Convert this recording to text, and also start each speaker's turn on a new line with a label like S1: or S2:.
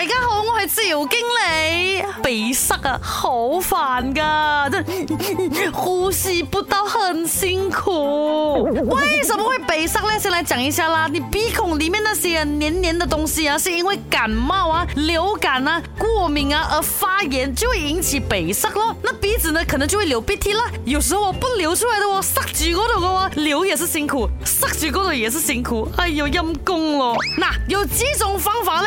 S1: 大家好，我係趙經理。鼻塞啊，好煩噶， 呼吸不到，很辛苦。為什麼會鼻塞呢？先來講一下啦。你鼻孔裏面那些黏黏的東西啊，是因為感冒啊、流感啊、過敏啊而發炎，就會引起鼻塞咯。那鼻子呢，可能就會流鼻涕啦。有時候我不流出來的、哦，我塞住嗰度嘅，我流也是辛苦，塞住嗰度也是辛苦。哎呦，陰公咯。嗱，有幾種方法呢？